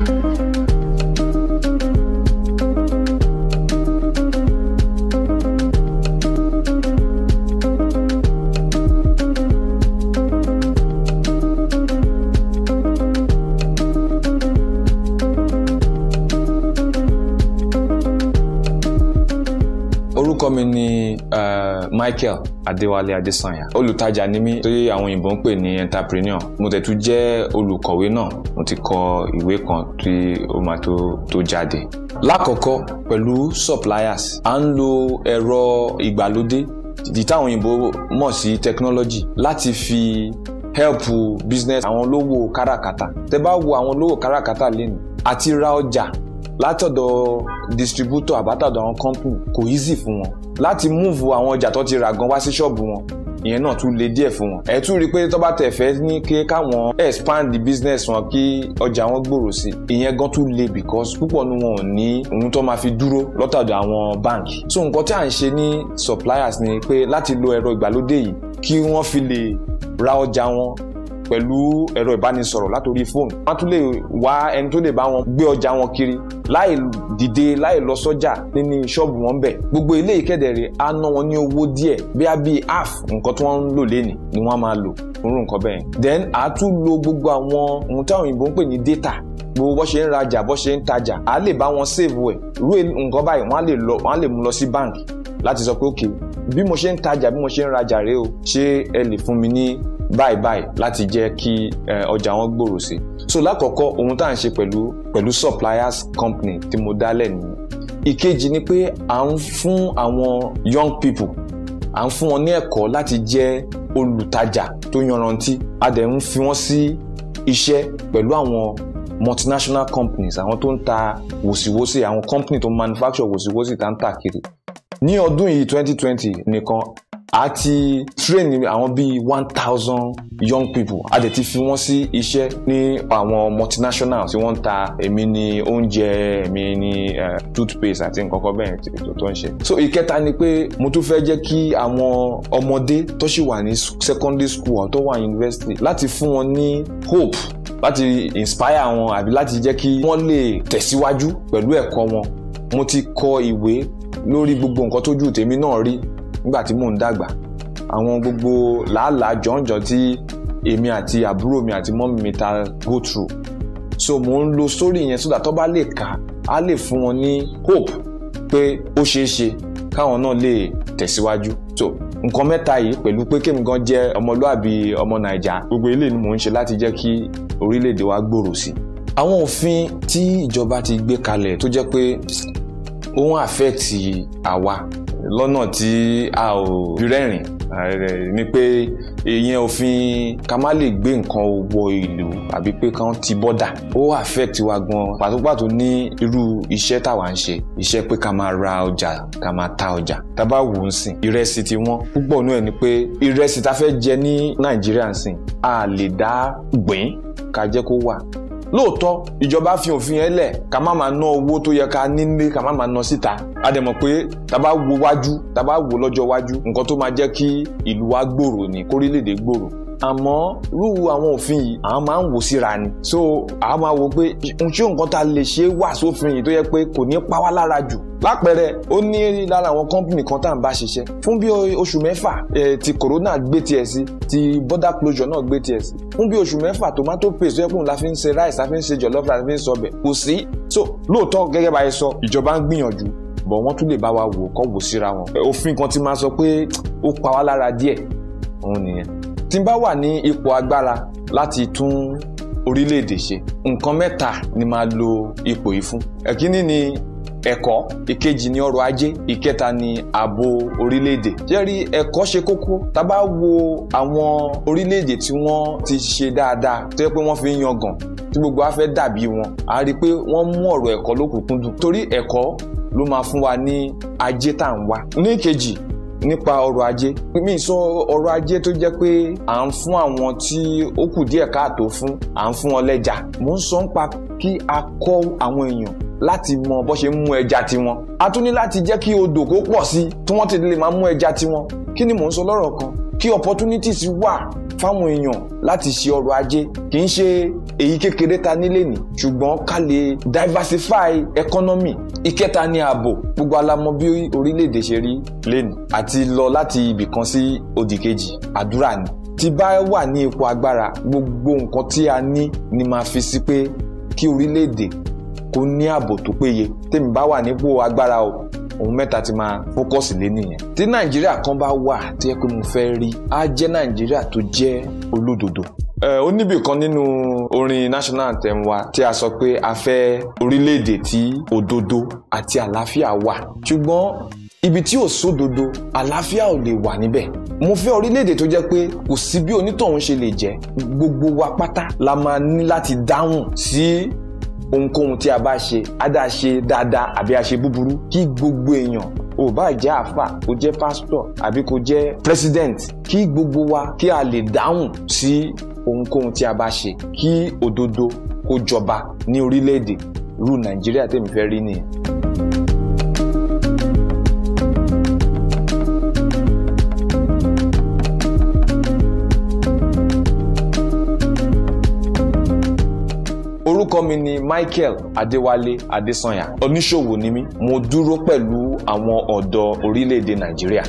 Música orúkọ mi ni Michael Adéwálé Adésànyà olùtajà ni mí tí àwọn òyìnbó ń pè ní entrepreneur mo tẹ̀ tún jẹ́ olùkọ̀wé náà mo ti kọ ìwé kan tí ó máa tó jáde. lákọ̀ọ́kọ́ pẹ̀lú suppliers à ń lo ẹ̀rọ ìgbàlódé ìdí táwọn òyìnbó mọ̀ sí technology láti fi help business àwọn olówó káràkátà tẹ́ bá wo àwọn olówó káràkátà lẹ́nu àti ra ọjà látọ̀dọ̀ distributor àbátàdọ̀ àwọn company kò easy fún wọn láti múùfù àwọn ọjà tó ti rà gan wá sí ṣọ́ọ̀bù wọn ìyẹn náà tún le díẹ̀ fún wọn. ẹ tún rí i pé tó tẹ̀ fẹ́ ní kí káwọn expand the business wọn kí ọjà wọn gbòòrò sí i ìyẹn gan tún le because púpọ̀ nu wọn ò ní ohun tó máa fi dúró lọ́tàdọ̀ àwọn bank. so nǹkan tí à ń ṣe ní suppliers ni pé láti lo ẹ̀rọ ìgbàlódé yìí kí wọ́n fi lè ra ọjà wọn pẹ̀lú ẹ̀rọ ìbánisọ̀rọ̀ látòrí fóònù wọ́n tún lè wá ẹni tó lè bá wọn gbé ọjà wọn kiri láì dìde láì lọ sọ́jà nínú ṣọ́ọ̀bù wọn bẹ̀ gbogbo ilé ìkẹ́dẹ̀rẹ̀ á ná wọn ní owó díẹ̀ bí bíi half nǹkan tí wọ́n ń lò lẹ́nì ni wọ́n máa lò nínú nǹkan bẹ́ẹ̀ then a tún lo gbogbo àwọn ohun táwọn òyìnbó ń pè ní data gbogbo bó ṣe ń rajà bó ṣe ń tajà a lè bá wọn save ẹ̀ rú nǹkan báyìí wọ́n á lè lọ wọ́n á lè mú lọ sí báǹkì láti sọ pé ok bí mo ṣe ń tajà bí mo ṣe ń rajà rèé o ṣé ẹ lè fún mi ní báyìí báyìí láti jẹ́ kí ọjà wọn gbòòrò sí so lákọ̀ọ́kọ́ ohun tá à ń ṣe pẹ̀lú pẹ̀lú suppliers company tí mo dálẹ̀ nìyí ìkejì ni pé à ń fún àwọn young people à ń fún wọn ní ẹ̀kọ́ láti jẹ́ olùtajà tó yanrantí a dẹ̀ ń fi wọ́n sí iṣẹ́ pẹ̀lú àwọn multinational companies àwọn tó ń ta wòsíwòsí àwọn company tó manufacture wòsíwòsí tá ń tà kiri ní ọdún yìí twenty twenty nìkan a ti train àwọn bíi one thousand young people a dẹ̀ ti fi wọ́n sí iṣẹ́ ní àwọn multinational tí wọ́n ń ta èmi ní oúnjẹ èmi ní toothpaste àti nǹkan kan bẹ́ẹ̀ tó ń ṣe. so ìkẹta ni pé mo tún fẹ́ jẹ́ kí àwọn ọmọdé tó ṣì wà ní secondary school tó wà university láti fún wọn ní hope láti inspire wọn àbí láti jẹ́ kí wọ́n lè tẹ̀síwájú pẹ̀lú ẹ̀kọ́ wọn mo ti kọ ìwé lórí gbogbo nǹkan tójú tèmi náà rí nígbà tí mò ń dàgbà àwọn gbogbo làálàá jọ̀ǹjọ̀ tí èmi àti àbúrò mi àti mọ́mí mi ta go through so mò ń lo story yẹn so that tó bá lè kà á lè fún wọn ní hope pé ó ṣeé ṣe káwọn náà lè tẹ̀síwájú so nǹkan mẹ́ta yìí pẹ̀lú pé kémi gan jẹ́ ọmọlúàbí ọmọ nàìjà gbogbo eléyìí ni mò ń ṣe láti jẹ́ kí orílẹ̀-èdè wa gbòòrò sí i. àwọn òfin tí ìjọba ti gbé kalẹ̀ tó jẹ́ pé ó ń àfẹ́ẹ̀tì àwa lọ́nà tí a ò fi rẹ́rìn ni pé ìyẹn òfin ká má lè gbé nǹkan wọ ìlú àbí pé kán ti bọ́dà ó affect wa gan pàtópàtó ní irú iṣẹ́ táwa ń ṣe iṣẹ́ pé ká máa ra ọjà ká máa ta ọjà tá bá wò ó sìn ìrẹsì ti wọ́n púpọ̀ nú ẹ̀ ni pé ìrẹsì tá fẹ́ jẹ ní Nàìjíríà sìn a lè dá gbìn ká jẹ́ kó wà lóòótọ́ ìjọba fi òfin ẹ lẹ̀ ká má máa ná owó tó yẹ ká nílé ká má máa ná síta a dẹ̀ mọ̀ pé tàbá wo wájú tàbá wo lọ́jọ́ wájú nǹkan tó máa jẹ́ kí ìlú wa gbòòrò ní kórílẹ̀ gbòòrò àmọ́ rúurú àwọn òfin yìí àwọn máa ń wò síra ni so àwọn máa wò pé ṣé nǹkan tá a lè ṣe wà sófin yìí tó yẹ pé kò ní pa wá lára jù lápẹẹrẹ ó ní lára àwọn kọ́ńpìnì kan tá à ń bá ṣiṣẹ́ fún bí oṣù mẹ́fà ti corona gbé tiẹ̀ sí ti border closure náà gbé tiẹ̀ sí fún bí oṣù mẹ́fà tomato paste ẹ̀kún la fi ń ṣe rice la fi ń ṣe jollof la fi ń sọ ọbẹ̀ kò sí so lóòótọ́ gẹ́gẹ́ bá yẹ sọ ìjọba ń gbìyànjú bọ̀ wọ́n tún lè bá wa wò kọ́ wò síra wọn òfin kan ti máa sọ pé ó pa wá lára díẹ̀ òun nìyẹn tí n bá wà ní ipò agbára láti tún orílẹ̀-èdè ṣe nǹkan mẹ́ta ni máa lo ipò yìí fún ẹ̀kíní ni ẹ̀kọ́ ìkejì ni ọrọ̀ ajé ìkẹta ni ààbò orílẹ̀-èdè jẹ́rí ẹ̀kọ́ ṣe kókó tá bá wo àwọn orílẹ̀-èdè tí wọ́n ti ṣe dáadáa tó yẹ pé wọ́n fi ń yangàn tí gbogbo wa fẹ́ dàbí wọn a rí i pé wọ́n mú ọ̀rọ̀ ẹ̀kọ́ lókùnkúndùn torí ẹ̀kọ́ ló máa fún wa ní ajé tá à ń wá ní ìkejì nípa ọrọ̀ ajé mi sọ ọrọ̀ ajé tó jẹ́ pé à ń fún àwọn tí ó kù díẹ̀ káàtó fún à ń fún wọn lẹ́jà mò ń sọ ń kí a kọ́ àwọn èèyàn láti mọ bó ṣe ń mú ẹja tiwọn a tún ní láti jẹ́ kí odò kó pọ̀ sí i tí wọ́n ti lè máa mú ẹja tiwọn kí ni mò ń sọ lọ́rọ̀ kan kí opportunities wà fáwọn èèyàn láti ṣe ọrọ̀ ajé kì í ṣe èyí kékeré ta nílé ni ṣùgbọ́n ká lè diversify economy ìkẹta ni ààbò gbogbo alamọ bí orílẹ̀-èdè ṣe rí lẹ́nu àti lọ láti ibì kan sí òdì kejì àdúrà ni tí bá wà ní ipò agbára gbogbo nǹkan tí a ní ni máa fi sí pé kí orílẹ̀-èdè kó ní ààbò tó péye tèmi bá wà nípò agbára o ohun mẹ́ta ti máa fókọ̀sì lé nìyẹn tí nàìjíríà kan bá wà tí ẹ pé mo fẹ́ rí á jẹ́ nàìjíríà tó jẹ́ olódodo ó níbì kan nínú orin national anthem wa tí a sọ pé a fẹ́ orílẹ̀-èdè tí òdodo àti àlàáfíà wà ṣùgbọ́n ibi tí ò sódodo àlàáfíà ò lè wà níbẹ̀ mo fẹ́ orílẹ̀-èdè tó jẹ́ pé kò sí bí onítọ̀hún ṣe lè jẹ́ gbogbo wa pátá la máa ní láti dáhùn sí ohunkóhun tí a bá ṣe á dá ṣe dáadáa àbí a ṣe búburú kí gbogbo èèyàn ò bá jẹ́ àáfà kó jẹ́ pásítọ̀ àbí kó jẹ́ president kí gbogbo wa kí a lè dáhùn sí ohunkóhun tí a bá ṣe kí òdodo kó jọba ní orílẹ̀-èdè irú Nàìjíríà tèmi fẹ́ rí nìyẹn. orúkọ mi ni Michael Adéwálé Adésànyà oníṣòwò ni mí mo dúró pẹ̀lú àwọn ọ̀dọ́ orílẹ̀-èdè Nàìjíríà.